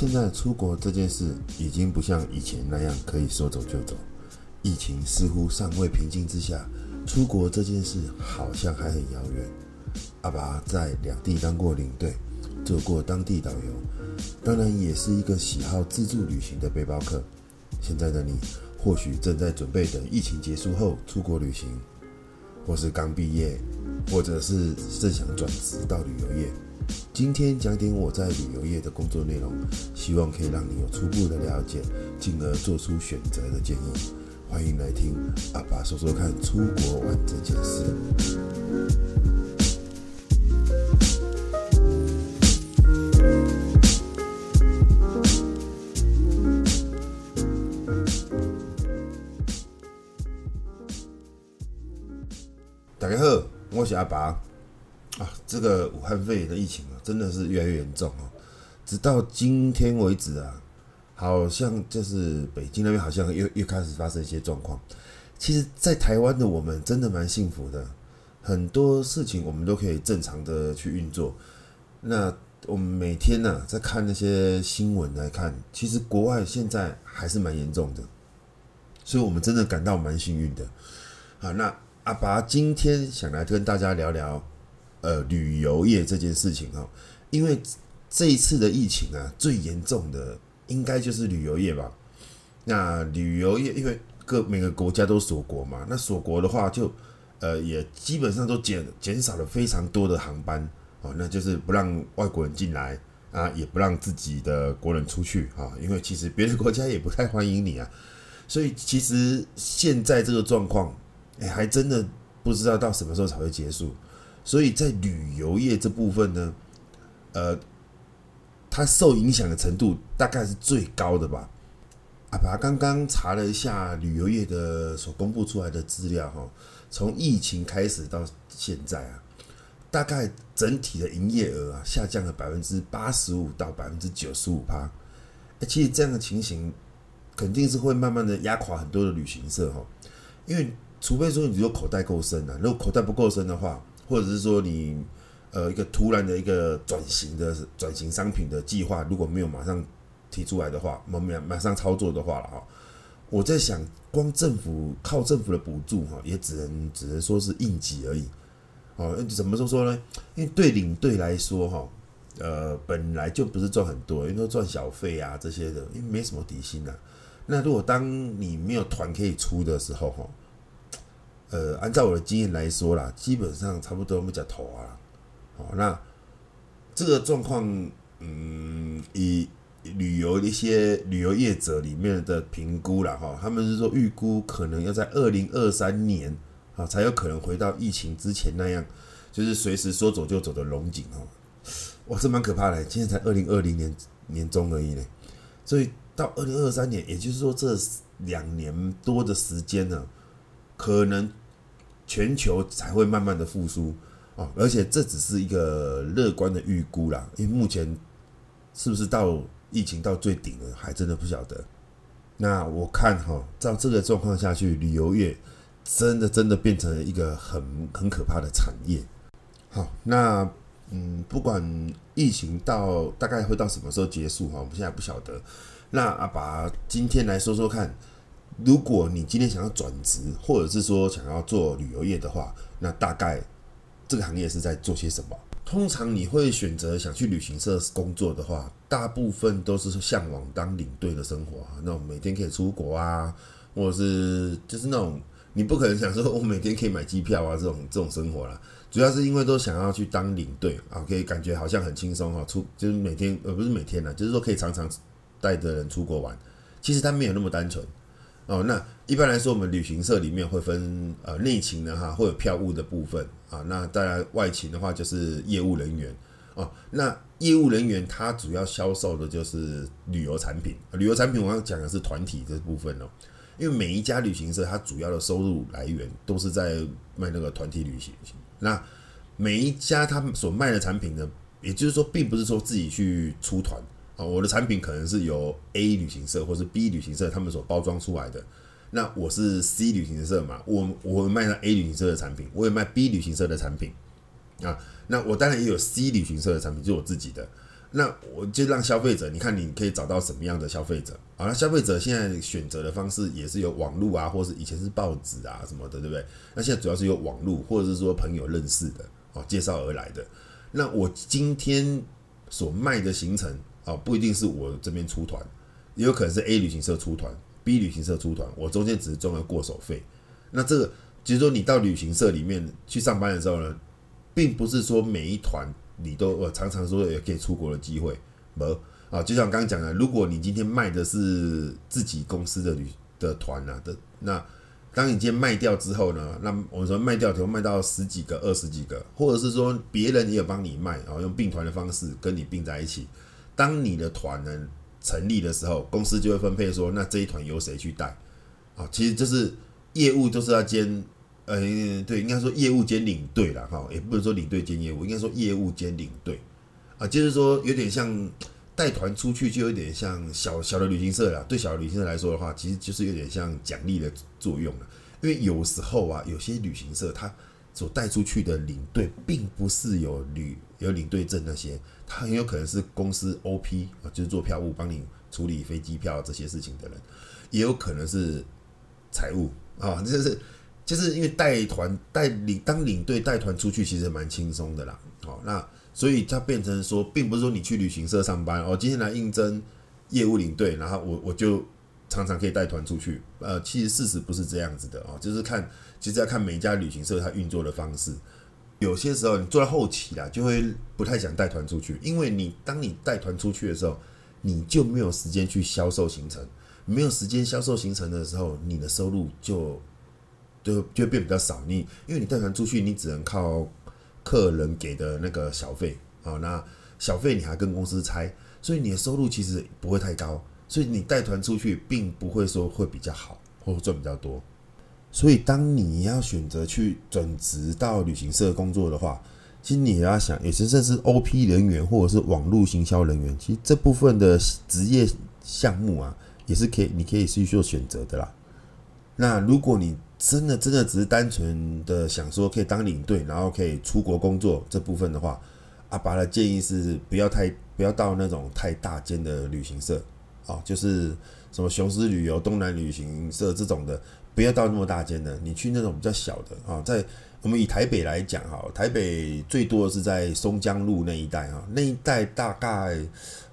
現在出國這件事已經不像以前那樣可以說走就走，疫情似乎尚未平靜之下，出國這件事好像還很遙遠。阿拔在兩地當過領隊，做過當地導遊，當然也是一個喜好自助旅行的背包客。現在的你或許正在準備等疫情結束後出國旅行，或是剛畢業。或者是正想轉職到旅遊業，今天講點我在旅遊業的工作內容，希望可以讓你有初步的了解，進而做出選擇的建議。歡迎來聽阿拔說說看出國玩這件事。阿拔啊，這個武漢肺炎的疫情啊，真的是越來越嚴重哦、啊。直到今天為止啊，好像就是北京那邊好像又又開始發生一些狀況。其實，在台灣的我們真的蠻幸福的，很多事情我們都可以正常的去運作。那我們每天呢、啊，在看那些新聞來看，其實國外現在還是蠻嚴重的，所以我們真的感到蠻幸運的。好，那。阿拔，今天想來跟大家聊聊，呃，旅遊業這件事情哦，因為這一次的疫情啊，最嚴重的應該就是旅遊業吧。那旅遊業，因為各每個國家都鎖國嘛，那鎖國的話就，就呃，也基本上都減減少了非常多的航班哦，那就是不讓外國人進來啊，也不讓自己的國人出去啊、哦，因為其實別的國家也不太歡迎你啊，所以其實現在這個狀況。哎、欸，還真的不知道到什麼時候才會結束，所以在旅遊業這部分呢，呃，它受影響的程度大概是最高的吧。阿拔剛剛查了一下旅遊業的所公布出來的資料哈，從疫情開始到現在啊，大概整體的營業額啊下降了百分之八十五到百分之九十五趴。其實這樣的情形肯定是會慢慢的壓垮很多的旅行社哈，因為。除非說你有口袋夠深的、啊，如果口袋不夠深的話，或者是說你呃一個突然的一個轉型的轉型商品的計劃，如果沒有馬上提出來的話，沒馬上操作的話了哈，我在想，光政府靠政府的補助哈，也只能只能說是應急而已。哦、呃，怎麼說說呢？因為對領隊來說哈，呃，本來就不是賺很多，因為賺小費啊這些的，因為沒什麼底薪啊。那如果當你沒有團可以出的時候哈。呃，按照我的經驗來說啦，基本上差不多沒叫頭啊。好，那這個狀況，嗯，以旅遊一些旅遊業者裡面的評估了哈，他們是說預估可能要在二零二三年啊，才有可能回到疫情之前那樣，就是隨時說走就走的龍景哦。哇，這蠻可怕的，現在才二零二零年年終而已呢。所以到二零二三年，也就是說這兩年多的時間呢、啊。可能全球才會慢慢的復甦哦，而且這只是一個樂觀的預估啦，因為目前是不是到疫情到最頂了，還真的不曉得。那我看哈、哦，照這個狀況下去，旅遊業真的真的變成了一個很很可怕的產業。好、哦，那嗯，不管疫情到大概會到什麼時候結束哈、哦，我們現在不曉得。那阿拔、啊、今天來說說看。如果你今天想要轉職，或者是說想要做旅遊業的話，那大概這個行業是在做些什麼？通常你會選擇想去旅行社工作的話，大部分都是向往當領隊的生活。那種每天可以出國啊，或者是就是那種你不可能想說，我每天可以買機票啊這種這種生活啦。主要是因為都想要去當領隊啊，可以感覺好像很輕鬆哈，出就是每天呃不是每天啊，就是說可以常常帶着人出國玩。其實他沒有那麼單純。哦，那一般來說，我們旅行社裡面會分呃內勤的哈，會有票務的部分啊。那當然外勤的話就是業務人員啊、哦。那業務人員他主要銷售的就是旅遊產品。呃、旅遊產品我要講的是團體這部分哦，因為每一家旅行社它主要的收入來源都是在賣那個團體旅行。那每一家他們所賣的產品呢，也就是說並不是說自己去出團。我的產品可能是由 A 旅行社或是 B 旅行社他們所包裝出來的，那我是 C 旅行社嘛，我我賣了 A 旅行社的產品，我也賣 B 旅行社的產品，啊，那我當然也有 C 旅行社的產品，就是我自己的，那我就讓消費者，你看你可以找到什麼樣的消費者？啊？那消費者現在選擇的方式也是有網絡啊，或是以前是報紙啊什麼的，對不對？那現在主要是有網絡，或者是說朋友認識的啊，介紹而來的。那我今天所賣的行程。啊、哦，不一定是我這邊出團，也有可能是 A 旅行社出團，B 旅行社出團，我中間只是賺個過手費。那這個就是說，你到旅行社裡面去上班的時候呢，並不是說每一團你都呃常常說也可以出國的機會麼？啊、哦，就像我剛剛講的，如果你今天賣的是自己公司的旅的團啊的，那當你今天賣掉之後呢，那我們說賣掉，可能賣到十幾個、二十幾個，或者是說別人也有幫你賣，然、哦、後用併團的方式跟你併在一起。當你的團呢，成立的時候，公司就會分配說，那這一團由誰去帶？啊，其實就是業務就是要兼，嗯、呃，對，應該說業務兼領隊了，哈，也不能說領隊兼業務，應該說業務兼領隊，啊，就是說有點像帶團出去，就有點像小小的旅行社了。對小的旅行社來說的話，其實就是有點像獎勵的作用了，因為有時候啊，有些旅行社它。所帶出去的領隊，並不是有旅有領隊證那些，他很有可能是公司 OP 啊，就是做票務幫你處理飛機票這些事情的人，也有可能是財務啊、哦，就是就是因為帶團帶領當領隊帶團出去，其實蠻輕鬆的啦。哦，那所以他變成說，並不是說你去旅行社上班哦，今天來應徵業務領隊，然後我我就。常常可以帶團出去，呃，其實事實不是這樣子的哦，就是看，其實要看每一家旅行社它運作的方式。有些時候你做到後期啊，就會不太想帶團出去，因為你當你帶團出去的時候，你就沒有時間去銷售行程，沒有時間銷售行程的時候，你的收入就就就變比較少。你因為你帶團出去，你只能靠客人給的那個小費，哦，那小費你還跟公司拆，所以你的收入其實不會太高。所以你帶團出去，並不會說會比較好，或者賺比較多。所以當你要選擇去轉職到旅行社工作的話，其實你也要想，有些甚至 OP 人員或者是網絡行銷人員，其實這部分的職業項目啊，也是可以，你可以去做選擇的啦。那如果你真的真的只是單純的想說可以當領隊，然後可以出國工作這部分的話，阿拔的建議是不要太不要到那種太大間的旅行社。哦、就是什麼雄獅旅遊、東南旅行社這種的，不要到那麼大間的，你去那種比較小的啊、哦。在我們以台北來講，哈，台北最多的是在松江路那一帶啊、哦，那一帶大概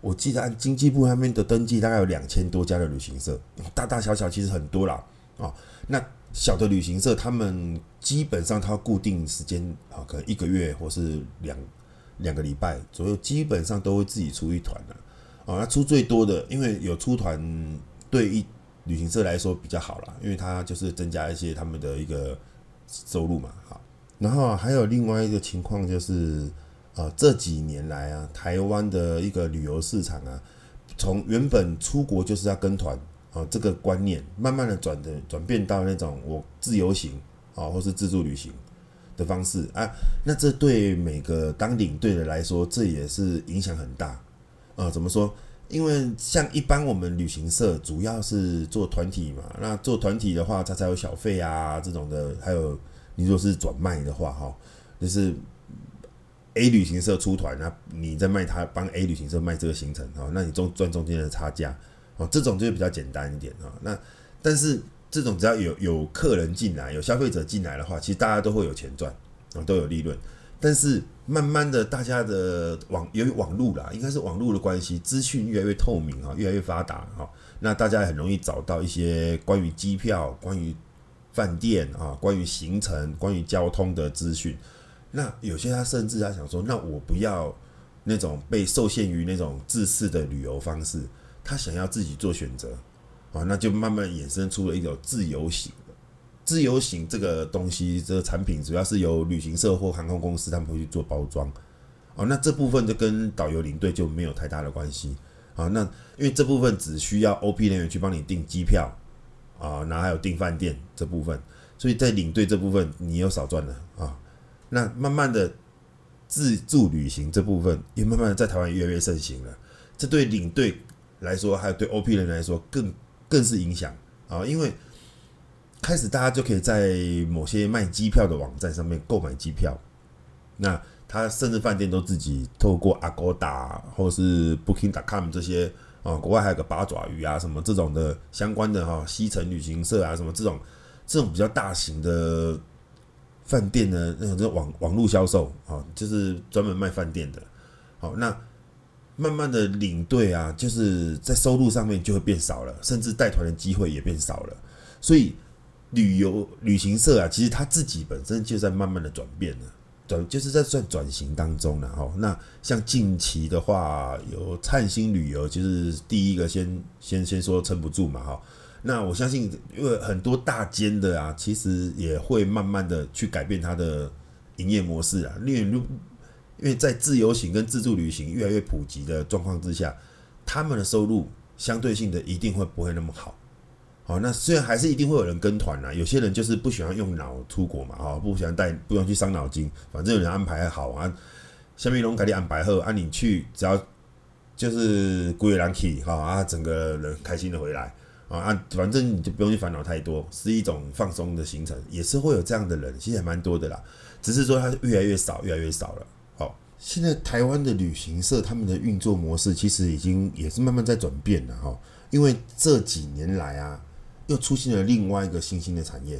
我記得按經濟部那邊的登記，大概有兩千多家的旅行社，大大小小其實很多啦。啊、哦。那小的旅行社，他們基本上他固定時間啊、哦，可能一個月或是兩兩個禮拜左右，基本上都會自己出一團的、啊。哦，他出最多的，因為有出團對一旅行社來說比較好啦，因為他就是增加一些他們的一個收入嘛。好，然後還有另外一個情況就是，呃，這幾年來啊，台灣的一個旅遊市場啊，從原本出國就是要跟團啊，呃，這個觀念，慢慢的轉的轉變到那種我自由行啊，呃，或是自助旅行的方式啊，那這對每個當領隊的來說，這也是影響很大。啊、呃，怎麼說？因為像一般我們旅行社主要是做團體嘛，那做團體的話，它才有小費啊這種的。還有，你若是轉賣的話，哈、哦，就是 A 旅行社出團，那你在賣他，幫 A 旅行社賣這個行程、哦、那你中賺中間的差價啊、哦，這種就比較簡單一點、哦、那但是這種只要有有客人進來，有消費者進來的話，其實大家都會有錢賺啊、哦，都有利潤。但是慢慢的，大家的網由於網絡啦，應該是網絡的關係，資訊越來越透明啊，越來越發達哈，那大家很容易找到一些關於機票、關於飯店啊、關於行程、關於交通的資訊。那有些他甚至他想說，那我不要那種被受限於那種制式的旅遊方式，他想要自己做選擇啊，那就慢慢衍生出了一種自由行。自由行這個東西，這個、產品主要是由旅行社或航空公司他們會去做包裝，哦，那這部分就跟導遊領隊就沒有太大的關係啊、哦。那因為這部分只需要 OP 人員去幫你訂機票啊、哦，然後還有訂飯店這部分，所以在領隊這部分你又少賺了啊、哦。那慢慢的自助旅行這部分也慢慢的在台灣越來越盛行了，這對領隊來說還有對 OP 人員來說更更是影響啊、哦，因為。開始，大家就可以在某些賣機票的網站上面購買機票。那他甚至飯店都自己透過 Agoda 或是 Booking.com 這些啊，國外還有個八爪魚啊，什麼這種的相關的哈，西城旅行社啊，什麼這種這種比較大型的飯店呢，那種就網網絡銷售啊，就是專門賣飯店的。好，那慢慢的領隊啊，就是在收入上面就會變少了，甚至帶團的機會也變少了，所以。旅遊旅行社啊，其實它自己本身就在慢慢的轉變了，啊，轉就是在算轉型當中了，啊，哈。那像近期的話，有燦星旅遊，就是第一個先先先說撐不住嘛哈。那我相信，因為很多大間的啊，其實也會慢慢的去改變它的營業模式啊。因為如因為，在自由行跟自助旅行越來越普及的狀況之下，他們的收入相對性的一定會不會那麼好。好、哦，那雖然還是一定會有人跟團啦、啊，有些人就是不喜歡用腦出國嘛，哈、哦，不喜歡帶，不用去傷腦筋，反正有人安排好啊。下面龍給利安排後，按、啊、你去，只要就是過夜能去，好、哦，啊，整個人開心的回來，啊、哦、啊，反正你就不用去煩惱太多，是一種放鬆的行程，也是會有這樣的人，其實還蠻多的啦，只是說他越來越少，越來越少了。好、哦，現在台灣的旅行社他們的運作模式其實已經也是慢慢在轉變了，哈、哦，因為這幾年來啊。又出現了另外一個新興的產業，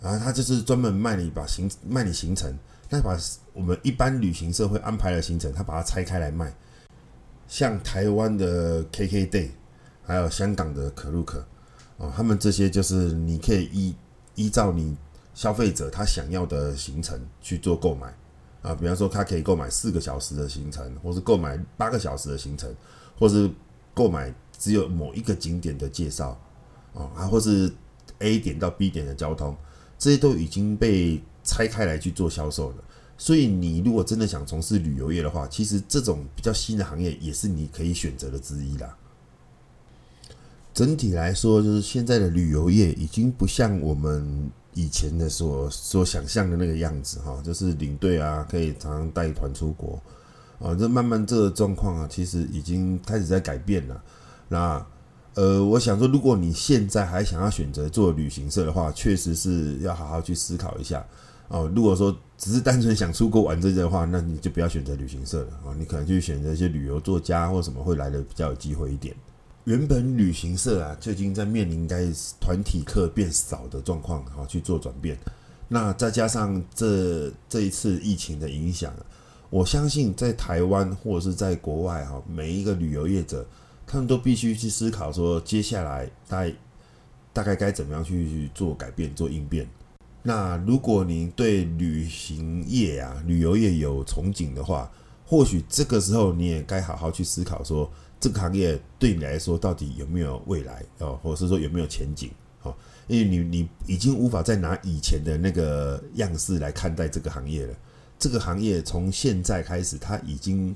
然後它就是專門賣你把行，賣你行程，那把我們一般旅行社會安排的行程，它把它拆開來賣。像台灣的 KKday，還有香港的 Klook，啊，他們這些就是你可以依依照你消費者他想要的行程去做購買啊，比方說他可以購買四個小時的行程，或是購買八個小時的行程，或是購買只有某一個景點的介紹。啊，或是 A 點到 B 點的交通，這些都已經被拆開來去做銷售了。所以你如果真的想從事旅遊業的話，其實這種比較新的行業也是你可以選擇的之一啦。整體來說，就是現在的旅遊業已經不像我們以前的所所想象的那個樣子哈，啊，就是領隊啊可以常常帶團出國啊，這慢慢這個狀況啊，其實已經開始在改變了。那呃，我想說，如果你現在還想要選擇做旅行社的話，確實是要好好去思考一下哦。如果說只是單純想出國玩這些的話，那你就不要選擇旅行社了啊、哦。你可能去選擇一些旅遊作家或什麼會來的比較有機會一點。原本旅行社啊，最近在面臨該團體客變少的狀況好、哦、去做轉變。那再加上這這一次疫情的影響，我相信在台灣或者是在國外哈、哦，每一個旅遊業者。他們都必須去思考說，接下來大概大概該怎麼樣去，去做改變、做應變。那如果你對旅行業啊、旅遊業有憧憬的話，或許這個時候你也該好好去思考說，這個行業對你來說到底有沒有未來哦，或者是說有沒有前景哦？因為你你已經無法再拿以前的那個樣式來看待這個行業了。這個行業從現在開始，它已經。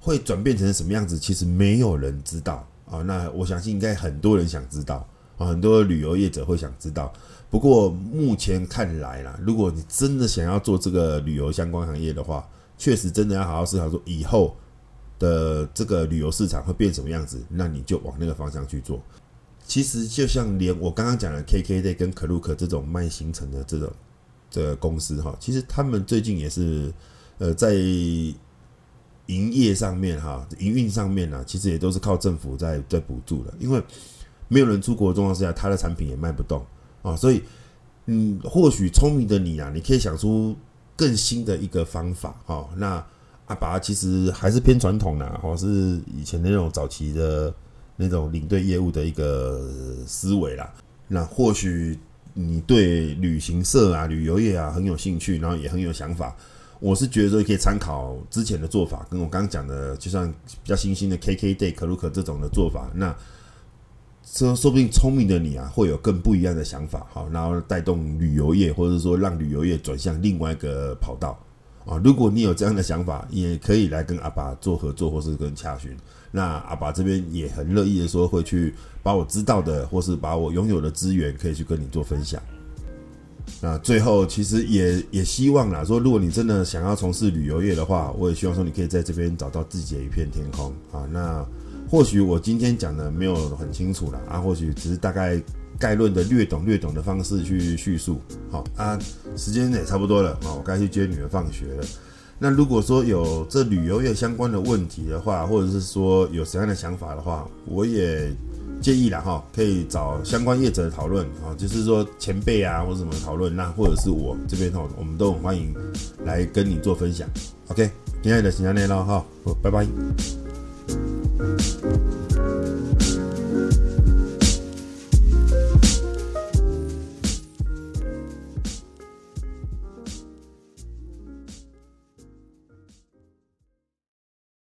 會轉變成什麼樣子？其實沒有人知道啊、哦。那我相信應該很多人想知道啊，很多旅遊業者會想知道。不過目前看來啦，如果你真的想要做這個旅遊相關行業的話，確實真的要好好思考說以後的這個旅遊市場會變什麼樣子，那你就往那個方向去做。其實就像連我剛剛講的 K K Day 跟可魯克這種賣行程的這種的、這個、公司哈，其實他們最近也是呃在。營業上面哈、啊，營運上面呢、啊，其實也都是靠政府在在補助的，因為沒有人出國的狀況下，他的產品也賣不動啊、哦。所以，嗯，或許聰明的你啊，你可以想出更新的一個方法哈、哦，那阿、啊、拔其實還是偏傳統的、啊，或、哦、是以前那種早期的那種領隊業務的一個思維啦。那或許你對旅行社啊、旅遊業啊很有興趣，然後也很有想法。我是覺得說可以參考之前的做法，跟我剛剛講的，就像比較新興的 KKday、可魯克這種的做法。那說說不定聰明的你啊，會有更不一樣的想法，好，然後帶動旅遊業，或者說讓旅遊業轉向另外一個跑道啊。如果你有這樣的想法，也可以來跟阿拔做合作，或是跟洽詢。那阿拔這邊也很樂意的說，會去把我知道的，或是把我擁有的資源，可以去跟你做分享。那、啊、最後其實也也希望啦，說如果你真的想要從事旅遊業的話，我也希望說你可以在這邊找到自己的一片天空啊。那或許我今天講的沒有很清楚啦，啊，或許只是大概概論的略懂略懂的方式去敘述。好啊，時間也差不多了啊，我該去接女兒放學了。那如果說有這旅遊業相關的問題的話，或者是說有什麼樣的想法的話，我也。建議啦哈，可以找相關業者討論啊，就是說前輩啊，或者什麼討論那，或者是我這邊哈，我們都很歡迎來跟你做分享。OK，今天就是這樣囉哈，拜拜。